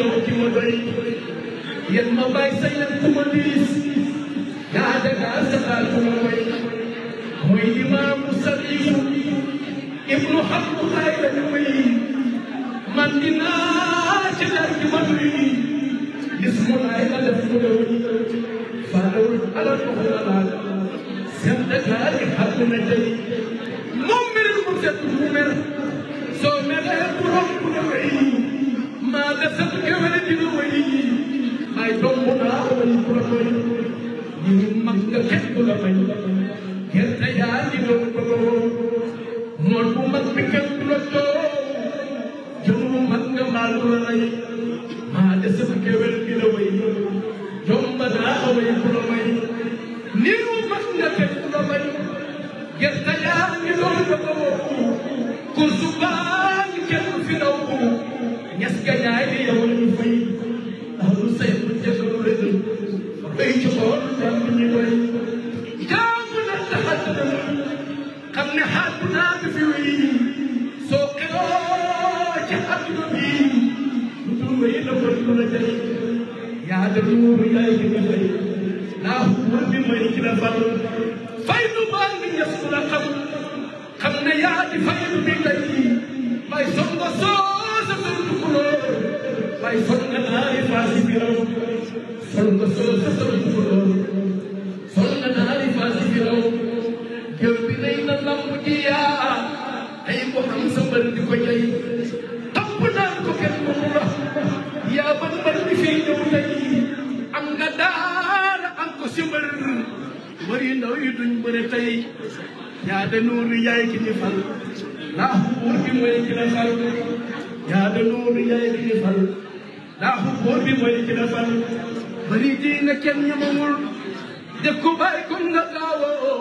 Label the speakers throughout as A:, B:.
A: yow ki ma doy yéen ma bàyyi sa yéen ku ma diis daa dagaa saxaar ku ma doy mooy imaamu sarifu ibnu xabdu xaay la ñu may man dinaa ci laaj bi ma doy gis mu laay la def mu doy faanawul alal ko xalaat kenn la doom jom man nga maal ku la rey maa dese sa kéwél gi la way jom ba daa way ku la way nii wu mag nga dina faru faydu baa ngi ñes ku la xam xam ne yaa di faydu bi tey bay son ba soosa sondu kuloo bay son na naari faasi biraw son ba soosa sondu kuloo son na naari faasi biraw jël bi nay na lamb ji yaa ay ko xam sa mbër di ko jay de nuur yaay ki ñu fal ndax buur bi mooy ki la fal yaa de nuur yaay ki ñu fal ndax buur bi mooy ki la fal bari diina kenn ñamawul def ko bàyyi ko nga gaawoo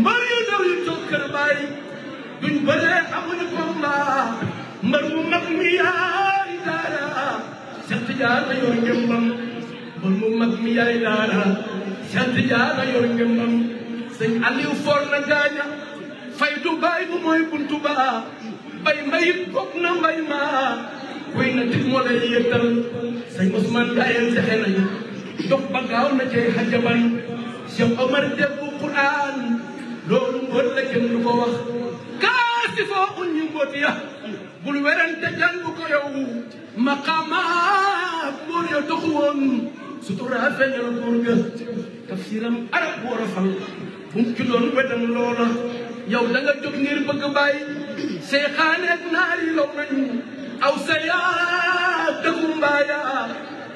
A: mbar yu ndaw yu toog kër bàyyi duñ bëree amuñu combat mbar mu mag mi yaay daara sant jaara yor ngëmbam mbar mu mag mi yaay daara sant jaara yor ngëmbam sëñ Aliou for na gaaña faydu baay bu mooy buntu bay mbayit bokk na mbay ma kuy na tig moo lay yëttal sëñ Ousmane nañu dox ba gaaw na cay xajaban Cheikh Omar dégg Quran loolu mbóot la kenn du ko wax kaasi foo un ya bul werante jàng ko yow maqaamaat buur ya doxu woon sutura feeñal buur ga tafsiram arab bu war a fal bu mu ci doon wedam loola yow da nga jóg ngir bëgg bàyyi seexaaneet naar yi law nañu aw sa yaa dëkku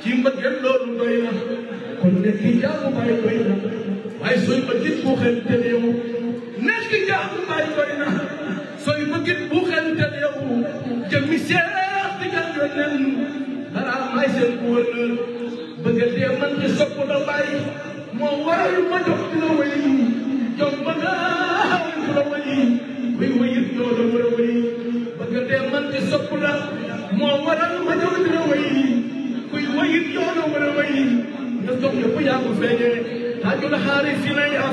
A: ci mbëggeel loolu doy kon nekk ki jaamu bàyyi sooy bëggit bu xel teel yow nekk ki jaamu sooy bëggit bu xel teel yow jëmmi seex di nga yónneen balaa may seen bu wër bëgg dee man di sopp da moo waral ma jox dina wéy jom ba mu la wali muy wayit loolu mu la wali dee man di sopp moo waral ma ñëw di la wayi kuy wayit loolu mu la wayi nga sopp yaa ko feeñee taajul xaaris yi na yaa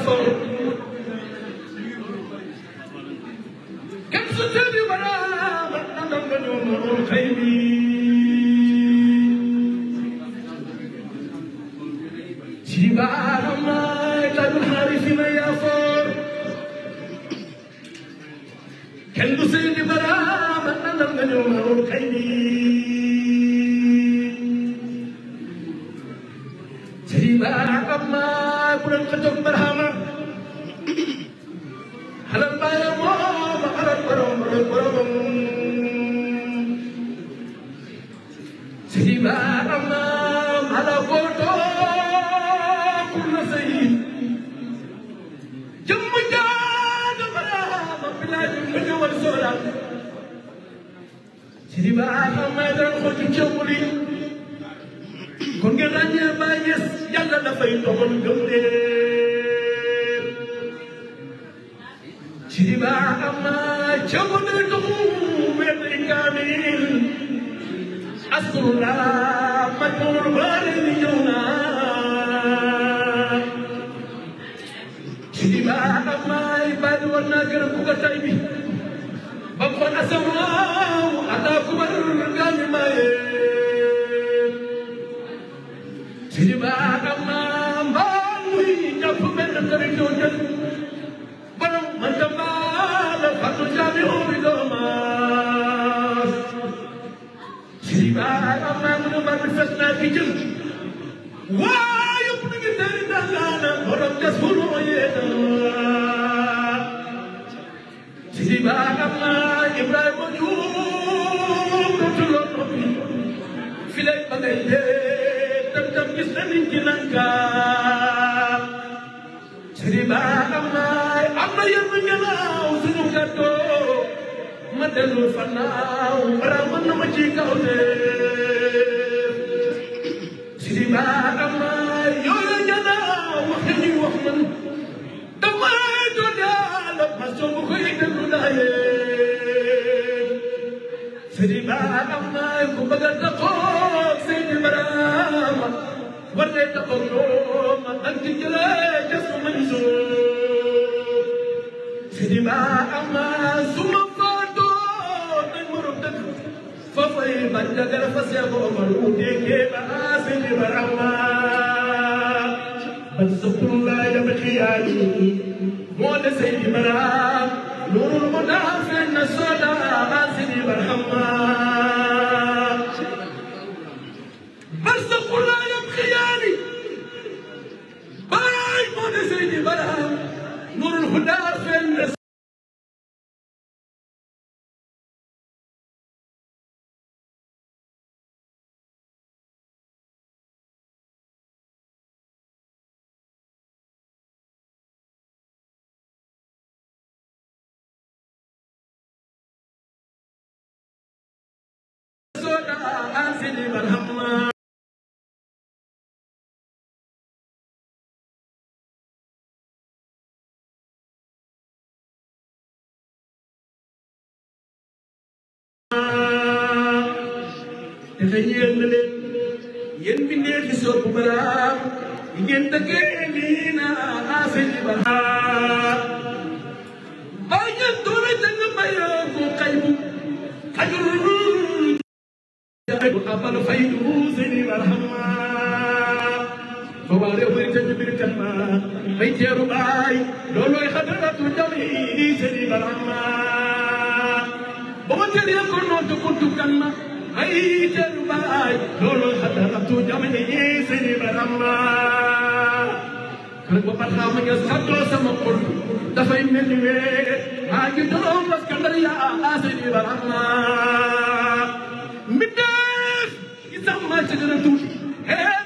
A: الأول سؤلا سيدي بقى ما يدرك خلت تشوفني كون غني بايس يلا دفاي دوغون غمدير سيدي بقى ما تشوفني دوغون وين كامل أسر الله مجنون بارد يونان war naa gërëm ku ko tay bi ba mu xool asamaaw ataakum al-gaani maaye sëñ ba am naa mbaal muy jàpp benn kër ñoo jël borom man de mbaal fàttu jaami oo bi doomaas sëñ ba am naa mu ne man fes naa ki jël waaye bu ñu ngi tëri dallaana borom des bu baagam naa Ibrahima Diouf ko tuloon noppi fi lay ba ngay dee tam tam gis na nit ki nankaam sëriñ baagam naa am na yéen ñu naaw suñu gàttoo ma dellu fa naaw bara mën na ma ci kaw de sëriñ baagam naa yooyu ñu naaw wax nañu wax man damay doon yàlla ma soo ko bëgga taxoog Seydi Baraama war lay taxoog ñoom ak di jëlee ca su ma Mansuur Seydi Baraama su ma faatoo nañ mënu dëkk fafay ban jagar fa seeko Omar u déggee ba Seydi Baraama ban sëppul laa yama xiyaali moo de Seydi Baraama loolu mu daa fenn soo daa Seydi Baraama dafa ñeel na leen yéen bi ndee di sopp balaa yi ngeen dëkkee nii naa naa seen i balaa baa ngeen doole jàng bayoo ko ba waa réew mi tëj biir kan ma may teeru i barxama ba ma tëree ko noonu tukku ay teru baay loolu hadaratu jamani sini barama rek ba barxaam nga saddoo sama xol dafay mel ni wee maa ngi doon waskandar yaa sini barama mi def gi sama ci dana tuuti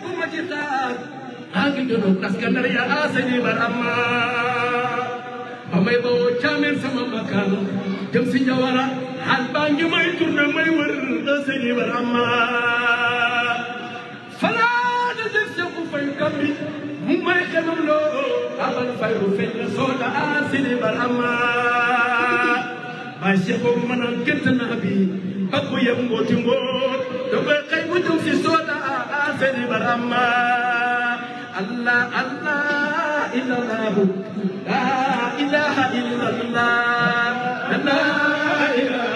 A: bu ma ci taar maa ngi doon waskandar yaa sini barama sama bakkan dem si jawara xaal baa ngi may may wër da sëñ Ibra ma falaa da def fay kambi mu may xemam loo amal fayru feñ na a sëñ Ibra ma bay Cheikh boobu mën إله إلا أنت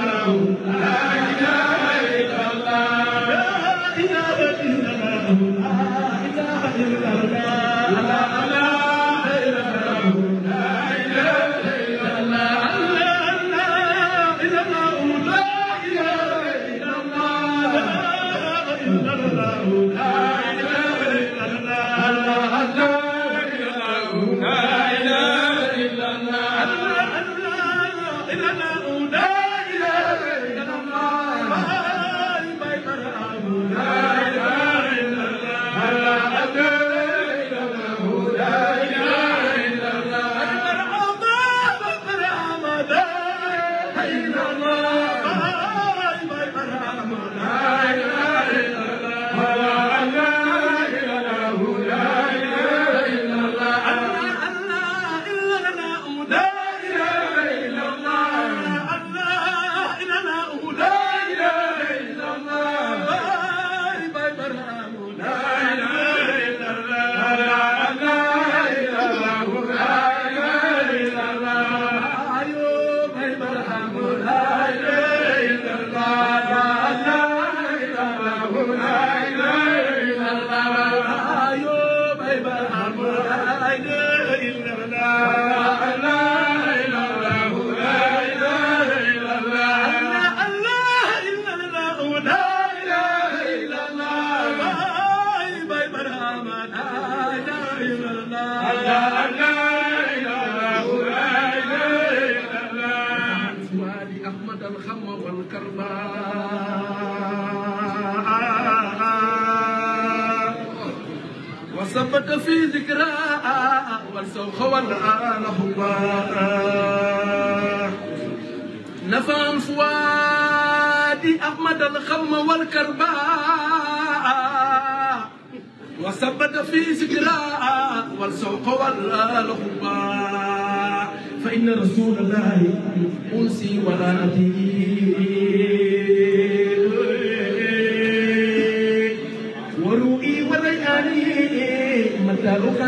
A: لك في ذكرى والسوخ والآن هما نفى فؤادي أحمد الخم والكرباء وثبت في ذكرى والسوق والآن هما فإن رسول الله أنسي ولا أتيه la ruca